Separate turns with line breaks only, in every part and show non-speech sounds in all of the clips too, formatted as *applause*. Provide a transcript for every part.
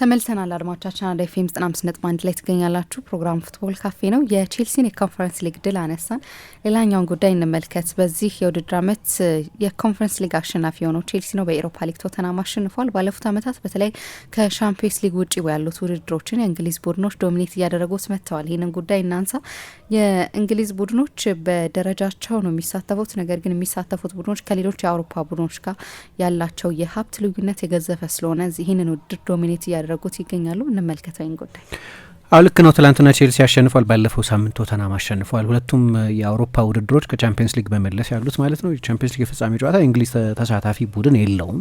ተመልሰናል አድማጮቻችን፣ አራዳ ኤፍ ኤም ዘጠና አምስት ነጥብ አንድ ላይ
ትገኛላችሁ። ፕሮግራም ፉትቦል ካፌ ነው። የቼልሲን የኮንፈረንስ ሊግ ድል አነሳን። ሌላኛውን ጉዳይ እንመልከት። በዚህ የውድድር ዓመት የኮንፈረንስ ሊግ አሸናፊ የሆነው ቼልሲ ነው። በኤሮፓ ሊግ ቶተናም አሸንፏል። ባለፉት ዓመታት በተለይ ከሻምፒዮንስ ሊግ ውጭ ያሉት ውድድሮችን የእንግሊዝ ቡድኖች ዶሚኔት እያደረጉት መጥተዋል። ይህንን ጉዳይ እናንሳ። የእንግሊዝ ቡድኖች በደረጃቸው ነው የሚሳተፉት። ነገር ግን የሚሳተፉት ቡድኖች ከሌሎች የአውሮፓ ቡድኖች ጋር ያላቸው የሀብት ልዩነት የገዘፈ ስለሆነ ይህንን ውድድር ዶሚኔት እያደረ እያደረጉት ይገኛሉ። እንመልከተው ይህን ጉዳይ። አዎ ልክ ነው። ትላንትና ቼልሲ አሸንፏል። ባለፈው ሳምንት ቶተናም አሸንፏል። ሁለቱም የአውሮፓ ውድድሮች ከቻምፒየንስ ሊግ በመለስ ያሉት ማለት ነው። የቻምፒየንስ ሊግ የፍጻሜ ጨዋታ የእንግሊዝ ተሳታፊ ቡድን የለውም።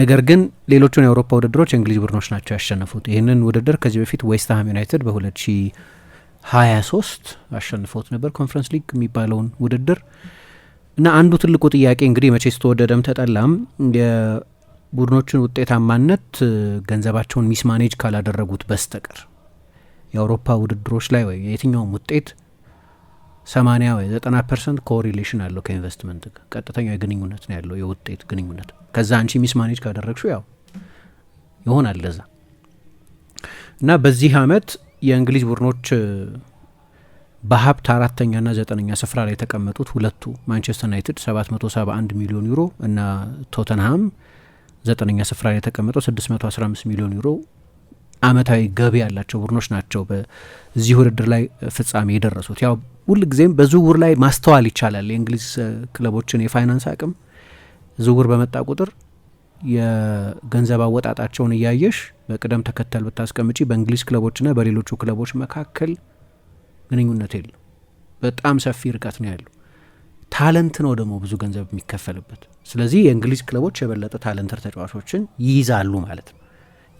ነገር ግን ሌሎቹን የአውሮፓ ውድድሮች የእንግሊዝ ቡድኖች ናቸው ያሸነፉት። ይህንን ውድድር ከዚህ በፊት ዌስትሃም ዩናይትድ በ2023 አሸንፎት ነበር ኮንፈረንስ ሊግ የሚባለውን ውድድር እና አንዱ ትልቁ ጥያቄ እንግዲህ መቼ ስተወደደም ተጠላም ቡድኖችን ውጤታማነት ገንዘባቸውን ሚስማኔጅ ካላደረጉት በስተቀር የአውሮፓ ውድድሮች ላይ ወይ የትኛውም ውጤት ሰማኒያ ወይ ዘጠና ፐርሰንት ኮሪሌሽን አለው ከኢንቨስትመንት ጋር ቀጥተኛ ግንኙነት ነው ያለው የውጤት ግንኙነት። ከዛ አንቺ ሚስማኔጅ ካደረግሹ ያው ይሆናል ለዛ እና በዚህ አመት የእንግሊዝ ቡድኖች በሀብት አራተኛና ዘጠነኛ ስፍራ ላይ የተቀመጡት ሁለቱ ማንቸስተር ዩናይትድ 771 ሚሊዮን ዩሮ እና ቶተንሃም ዘጠነኛ ስፍራ ላይ የተቀመጠው 615 ሚሊዮን ዩሮ አመታዊ ገቢ ያላቸው ቡድኖች ናቸው በዚህ ውድድር ላይ ፍጻሜ የደረሱት። ያው ሁልጊዜም በዝውውር ላይ ማስተዋል ይቻላል የእንግሊዝ ክለቦችን የፋይናንስ አቅም። ዝውውር በመጣ ቁጥር የገንዘብ አወጣጣቸውን እያየሽ በቅደም ተከተል ብታስቀምጪ በእንግሊዝ ክለቦችና በሌሎቹ ክለቦች መካከል ግንኙነት የለም። በጣም ሰፊ ርቀት ነው ያለው። ታለንት ነው ደግሞ ብዙ ገንዘብ የሚከፈልበት። ስለዚህ የእንግሊዝ ክለቦች የበለጠ ታለንተር ተጫዋቾችን ይይዛሉ ማለት ነው።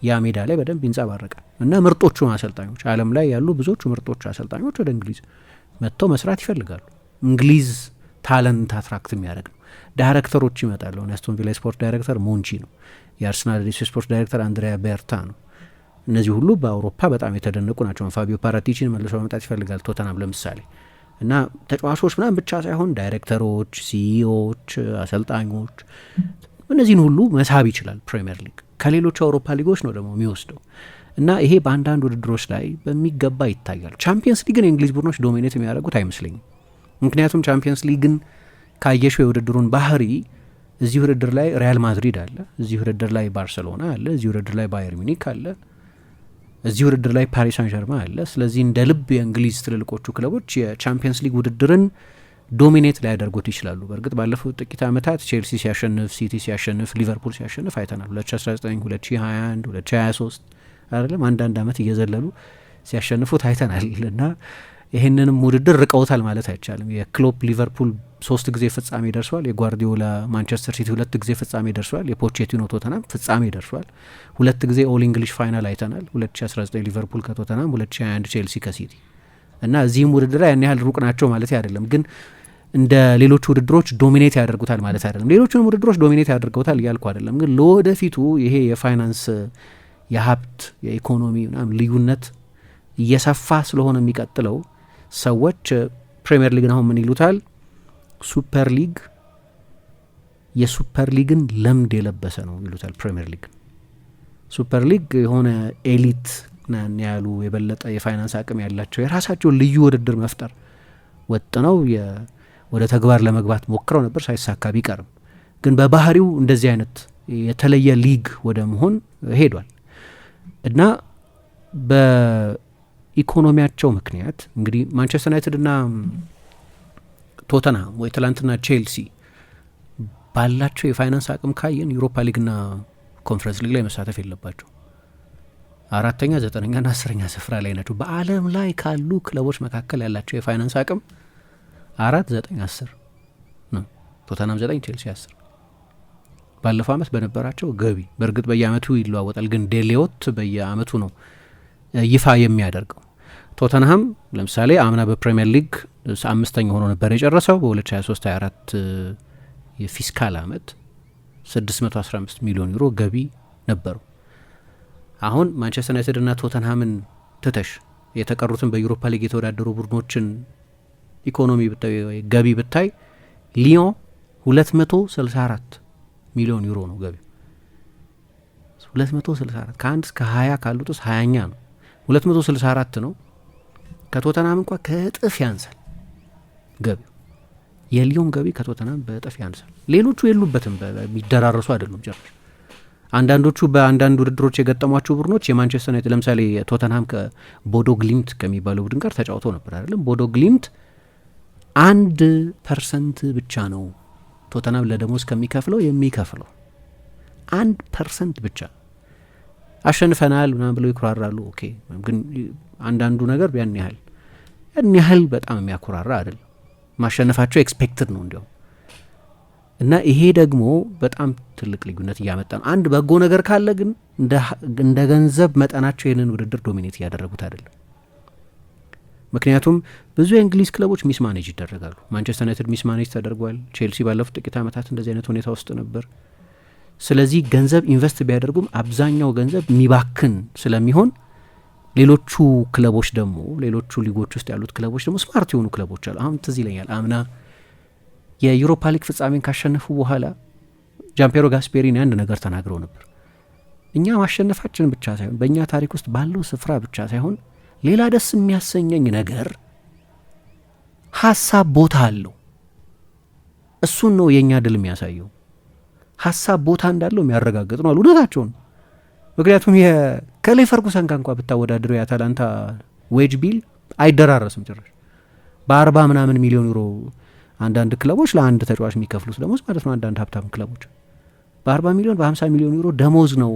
ያ ሜዳ ላይ በደንብ ይንጸባረቃል እና ምርጦቹ አሰልጣኞች ዓለም ላይ ያሉ ብዙዎቹ ምርጦቹ አሰልጣኞች ወደ እንግሊዝ መጥተው መስራት ይፈልጋሉ። እንግሊዝ ታለንት አትራክት የሚያደርግ ነው። ዳይሬክተሮች ይመጣሉ። የአስቶን ቪላ ስፖርት ዳይሬክተር ሞንቺ ነው። የአርሰናል ስፖርት ዳይሬክተር አንድሪያ ቤርታ ነው። እነዚህ ሁሉ በአውሮፓ በጣም የተደነቁ ናቸው። ፋቢዮ ፓራቲቺን መልሶ መምጣት ይፈልጋል ቶተናም ለምሳሌ እና ተጫዋቾች ምናምን ብቻ ሳይሆን ዳይሬክተሮች፣ ሲኢኦዎች፣ አሰልጣኞች እነዚህን ሁሉ መሳብ ይችላል ፕሪምየር ሊግ ከሌሎች አውሮፓ ሊጎች ነው ደግሞ የሚወስደው እና ይሄ በአንዳንድ ውድድሮች ላይ በሚገባ ይታያል። ቻምፒየንስ ሊግን የእንግሊዝ ቡድኖች ዶሚኔት የሚያደርጉት አይመስለኝም። ምክንያቱም ቻምፒየንስ ሊግን ካየሽው የውድድሩን ባህሪ እዚህ ውድድር ላይ ሪያል ማድሪድ አለ፣ እዚህ ውድድር ላይ ባርሰሎና አለ፣ እዚህ ውድድር ላይ ባየር ሚኒክ አለ እዚህ ውድድር ላይ ፓሪስ ሳን ዠርማ አለ። ስለዚህ እንደ ልብ የእንግሊዝ ትልልቆቹ ክለቦች የቻምፒየንስ ሊግ ውድድርን ዶሚኔት ሊያደርጉት ይችላሉ። በእርግጥ ባለፉት ጥቂት ዓመታት ቼልሲ ሲያሸንፍ፣ ሲቲ ሲያሸንፍ፣ ሊቨርፑል ሲያሸንፍ አይተናል። 2019፣ 2021፣ 2023 አይደለም አንዳንድ ዓመት እየዘለሉ ሲያሸንፉት አይተናል እና ይሄንንም ውድድር ርቀውታል ማለት አይቻልም። የክሎፕ ሊቨርፑል ሶስት ጊዜ ፍጻሜ ደርሷል። የጓርዲዮላ ማንቸስተር ሲቲ ሁለት ጊዜ ፍጻሜ ደርሷል። የፖቼቲኖ ቶተናም ፍጻሜ ደርሷል። ሁለት ጊዜ ኦል እንግሊሽ ፋይናል አይተናል። 2019 ሊቨርፑል ከቶተናም፣ 2021 ቼልሲ ከሲቲ እና እዚህም ውድድር ያን ያህል ሩቅ ናቸው ማለት አይደለም ግን እንደ ሌሎቹ ውድድሮች ዶሚኔት ያደርጉታል ማለት አይደለም። ሌሎቹንም ውድድሮች ዶሚኔት ያደርገውታል እያልኩ አይደለም። ግን ለወደፊቱ ይሄ የፋይናንስ የሀብት የኢኮኖሚ ልዩነት እየሰፋ ስለሆነ የሚቀጥለው ሰዎች ፕሪምየር ሊግን አሁን ምን ይሉታል? ሱፐር ሊግ የሱፐር ሊግን ለምድ የለበሰ ነው ይሉታል። ፕሪምየር ሊግ ሱፐር ሊግ የሆነ ኤሊት ነን ያሉ የበለጠ የፋይናንስ አቅም ያላቸው የራሳቸውን ልዩ ውድድር መፍጠር ወጥ ነው። ወደ ተግባር ለመግባት ሞክረው ነበር፣ ሳይሳካ ቢቀርም ግን በባህሪው እንደዚህ አይነት የተለየ ሊግ ወደ መሆን ሄዷል እና ኢኮኖሚያቸው ምክንያት እንግዲህ ማንቸስተር ዩናይትድና ቶተናም ወይ ትላንትና ቼልሲ ባላቸው የፋይናንስ አቅም ካየን ዩሮፓ ሊግና ኮንፈረንስ ሊግ ላይ መሳተፍ የለባቸው። አራተኛ ዘጠነኛና አስረኛ ስፍራ ላይ ናቸው። በዓለም ላይ ካሉ ክለቦች መካከል ያላቸው የፋይናንስ አቅም አራት ዘጠኝ አስር ነው። ቶተናም ዘጠኝ ቼልሲ አስር ባለፈው አመት በነበራቸው ገቢ በእርግጥ በየአመቱ ይለዋወጣል፣ ግን ዴሌዎት በየአመቱ ነው ይፋ የሚያደርገው ቶተንሃም ለምሳሌ አምና በፕሪምየር ሊግ አምስተኛ ሆኖ ነበር የጨረሰው። በ2023 24 የፊስካል አመት 615 ሚሊዮን ዩሮ ገቢ ነበሩ። አሁን ማንቸስተር ዩናይትድና ቶተንሃምን ትተሽ የተቀሩትን በዩሮፓ ሊግ የተወዳደሩ ቡድኖችን ኢኮኖሚ ብታይ ገቢ ብታይ ሊዮን 264 ሚሊዮን ዩሮ ነው ገቢ 264 ከአንድ እስከ 20 ካሉት ውስጥ 20ኛ ነው። 264 ነው ከቶተናም እንኳ ከእጥፍ ያንሳል ገቢ የሊዮን ገቢ ከቶተናም በእጥፍ ያንሳል። ሌሎቹ የሉበትም፣ የሚደራረሱ አይደሉም ጭራሽ። አንዳንዶቹ በአንዳንድ ውድድሮች የገጠሟቸው ቡድኖች የማንቸስተር ዩናይትድ ለምሳሌ ቶተንሃም ከቦዶ ግሊምት ከሚባለው ቡድን ጋር ተጫውቶ ነበር አይደለም። ቦዶ ግሊምት አንድ ፐርሰንት ብቻ ነው ቶተናም ለደሞዝ ከሚከፍለው የሚከፍለው አንድ ፐርሰንት ብቻ አሸንፈናል ምናምን ብለው ይኩራራሉ። ኦኬ ግን አንዳንዱ ነገር ያን ያህል ያን ያህል በጣም የሚያኩራራ አይደለም። ማሸነፋቸው ኤክስፔክትድ ነው እንዲያውም እና ይሄ ደግሞ በጣም ትልቅ ልዩነት እያመጣ ነው። አንድ በጎ ነገር ካለ ግን እንደ ገንዘብ መጠናቸው ይህንን ውድድር ዶሚኔት እያደረጉት አይደለም። ምክንያቱም ብዙ የእንግሊዝ ክለቦች ሚስ ማኔጅ ይደረጋሉ። ማንቸስተር ዩናይትድ ሚስ ማኔጅ ተደርጓል። ቼልሲ ባለፉት ጥቂት ዓመታት እንደዚህ አይነት ሁኔታ ውስጥ ነበር። ስለዚህ ገንዘብ ኢንቨስት ቢያደርጉም አብዛኛው ገንዘብ የሚባክን ስለሚሆን ሌሎቹ ክለቦች ደግሞ ሌሎቹ ሊጎች ውስጥ ያሉት ክለቦች ደግሞ ስማርት የሆኑ ክለቦች አሉ። አሁን ትዝ ይለኛል አምና የዩሮፓ ሊግ ፍጻሜን ካሸነፉ በኋላ ጃምፔሮ ጋስፔሪኒ አንድ ነገር ተናግረው ነበር። እኛ ማሸነፋችን ብቻ ሳይሆን በእኛ ታሪክ ውስጥ ባለው ስፍራ ብቻ ሳይሆን ሌላ ደስ የሚያሰኘኝ ነገር ሀሳብ ቦታ አለው። እሱን ነው የእኛ ድል የሚያሳየው። ሀሳብ ቦታ እንዳለው የሚያረጋግጥ ነው አሉ። እውነታቸው ነው። ምክንያቱም ከሌ ፈርጉሰን ጋ እንኳ ብታወዳድረው የአታላንታ ዌጅ ቢል አይደራረስም ጭራሽ በአርባ ምናምን ሚሊዮን ዩሮ አንዳንድ ክለቦች ለአንድ ተጫዋች የሚከፍሉት ደሞዝ ማለት ነው። አንዳንድ ሀብታም ክለቦች በአርባ ሚሊዮን በሀምሳ ሚሊዮን ዩሮ ደሞዝ ነው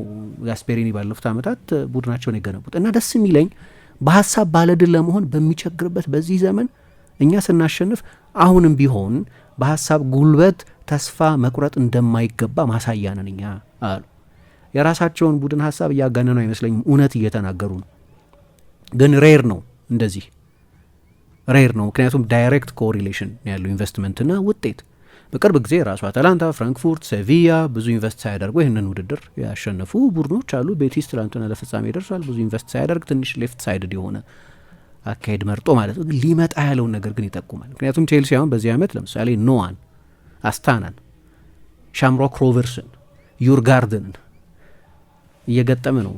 ጋስፔሪኒ ባለፉት ዓመታት ቡድናቸውን የገነቡት እና ደስ የሚለኝ በሀሳብ ባለድል ለመሆን በሚቸግርበት በዚህ ዘመን እኛ ስናሸንፍ አሁንም ቢሆን በሀሳብ ጉልበት ተስፋ መቁረጥ እንደማይገባ ማሳያ ነን እኛ አሉ። የራሳቸውን ቡድን ሀሳብ እያጋነኑ አይመስለኝም፣ እውነት እየተናገሩ ነው። ግን ሬር ነው እንደዚህ ሬር ነው። ምክንያቱም ዳይሬክት ኮሪሌሽን ያለው ኢንቨስትመንትና ውጤት በቅርብ ጊዜ ራሱ አታላንታ፣ ፍራንክፉርት፣ ሴቪያ ብዙ ኢንቨስት ሳያደርጉ ይህንን ውድድር ያሸነፉ ቡድኖች አሉ። ቤቲስ ትላንትና ለፍጻሜ ደርሷል። ብዙ ኢንቨስት ሳያደርግ ትንሽ ሌፍት ሳይድድ የሆነ አካሄድ መርጦ ማለት ነው። ሊመጣ ያለውን ነገር ግን ይጠቁማል። ምክንያቱም ቼልሲ አሁን በዚህ ዓመት ለምሳሌ ኖዋን አስታናን፣ ሻምሮክ ሮቨርስን፣ ዩርጋርደንን እየገጠመ ነው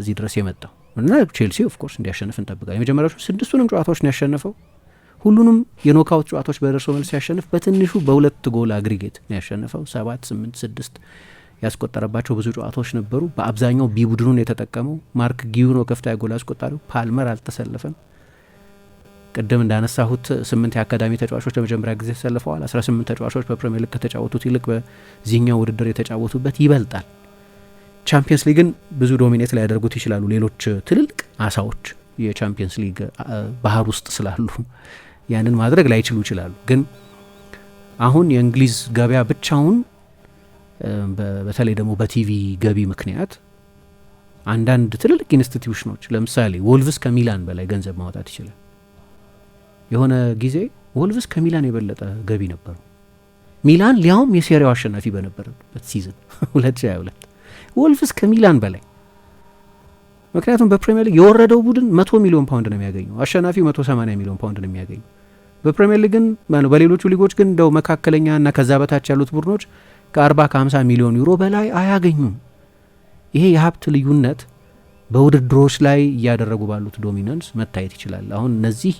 እዚህ ድረስ የመጣው እና ቼልሲ ኦፍኮርስ እንዲያሸንፍ እንጠብቃል። የመጀመሪያዎቹ ስድስቱንም ጨዋታዎች ነው ያሸነፈው። ሁሉንም የኖካውት ጨዋታዎች በደርሶ መልስ ሲያሸንፍ በትንሹ በሁለት ጎል አግሪጌት ነው ያሸነፈው። ሰባት ስምንት ስድስት ያስቆጠረባቸው ብዙ ጨዋታዎች ነበሩ። በአብዛኛው ቢ ቡድኑን የተጠቀመው ማርክ ጊዩ ነው ከፍተኛ ጎል አስቆጣሪው። ፓልመር አልተሰለፈም። ቅድም እንዳነሳሁት ስምንት የአካዳሚ ተጫዋቾች ለመጀመሪያ ጊዜ ተሰልፈዋል። 18 ተጫዋቾች በፕሪምየር ሊግ ከተጫወቱት ይልቅ በዚህኛው ውድድር የተጫወቱበት ይበልጣል። ቻምፒየንስ ሊግን ብዙ ዶሚኔት ሊያደርጉት ይችላሉ ሌሎች ትልልቅ አሳዎች የቻምፒየንስ ሊግ ባህር ውስጥ ስላሉ ያንን ማድረግ ላይችሉ ይችላሉ። ግን አሁን የእንግሊዝ ገበያ ብቻውን በተለይ ደግሞ በቲቪ ገቢ ምክንያት አንዳንድ ትልልቅ ኢንስቲትዩሽኖች ለምሳሌ ወልቭስ ከሚላን በላይ ገንዘብ ማውጣት ይችላል። የሆነ ጊዜ ወልቭስ ከሚላን የበለጠ ገቢ ነበረው። ሚላን ሊያውም የሴሪያው አሸናፊ በነበረበት ሲዝን 2022 *laughs* ወልቭስ ከሚላን በላይ ምክንያቱም በፕሪሚየር ሊግ የወረደው ቡድን መቶ ሚሊዮን ፓውንድ ነው የሚያገኘው፣ አሸናፊው 180 ሚሊዮን ፓውንድ ነው የሚያገኘው። በፕሪሚየር ሊግ ግን በሌሎቹ ሊጎች ግን እንደው መካከለኛና ከዛ በታች ያሉት ቡድኖች ከ40 50 ሚሊዮን ዩሮ በላይ አያገኙም። ይሄ የሀብት ልዩነት በውድድሮች ላይ እያደረጉ ባሉት ዶሚናንስ መታየት ይችላል። አሁን እነዚህ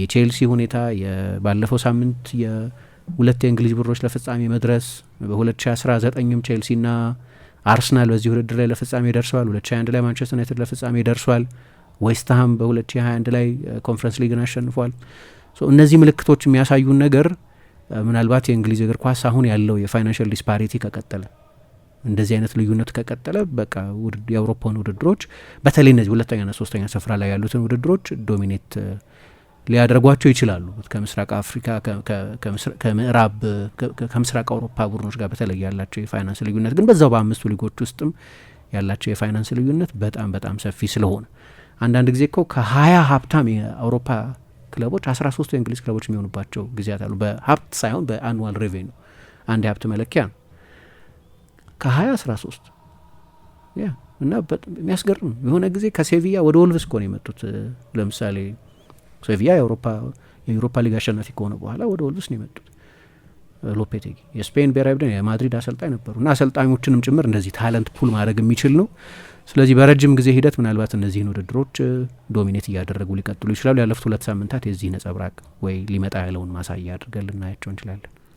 የቼልሲ ሁኔታ ባለፈው ሳምንት የሁለት የእንግሊዝ ቡድኖች ለፍጻሜ መድረስ በ2019ም ቼልሲና አርሰናል በዚህ ውድድር ላይ ለፍጻሜ ደርሰዋል። 2021 ላይ ማንቸስተር ዩናይትድ ለፍጻሜ ደርሷል። ዌስትሃም በ2021 ላይ ኮንፈረንስ ሊግን አሸንፏል። እነዚህ ምልክቶች የሚያሳዩን ነገር ምናልባት የእንግሊዝ እግር ኳስ አሁን ያለው የፋይናንሽል ዲስፓሪቲ ከቀጠለ እንደዚህ አይነት ልዩነት ከቀጠለ በቃ የአውሮፓን ውድድሮች በተለይ እነዚህ ሁለተኛና ሶስተኛ ስፍራ ላይ ያሉትን ውድድሮች ዶሚኔት ሊያደርጓቸው ይችላሉ። ከምስራቅ አፍሪካ ከምዕራብ ከምስራቅ አውሮፓ ቡድኖች ጋር በተለይ ያላቸው የፋይናንስ ልዩነት ግን በዛው በአምስቱ ሊጎች ውስጥም ያላቸው የፋይናንስ ልዩነት በጣም በጣም ሰፊ ስለሆነ አንዳንድ ጊዜ እኮ ከሀያ ሀብታም የአውሮፓ ክለቦች አስራ ሶስቱ የእንግሊዝ ክለቦች የሚሆኑባቸው ጊዜያት አሉ። በሀብት ሳይሆን በአኑዋል ሬቬኑ አንድ የሀብት መለኪያ ነው። ከሀያ አስራ ሶስት ያ እና የሚያስገርም የሆነ ጊዜ ከሴቪያ ወደ ወልቭስ እኮ ነው የመጡት ለምሳሌ ሴቪያ የአውሮፓ ሊግ አሸናፊ ከሆነ በኋላ ወደ ወልቭስ ነው የመጡት። ሎፔቴጊ የስፔን ብሔራዊ ቡድን የማድሪድ አሰልጣኝ ነበሩ እና አሰልጣኞችንም ጭምር እንደዚህ ታለንት ፑል ማድረግ የሚችል
ነው። ስለዚህ በረጅም ጊዜ ሂደት ምናልባት እነዚህን ውድድሮች ዶሚኔት እያደረጉ ሊቀጥሉ ይችላሉ። ያለፉት ሁለት ሳምንታት የዚህ ነጸብራቅ ወይ ሊመጣ ያለውን ማሳያ አድርገን ልናያቸው እንችላለን።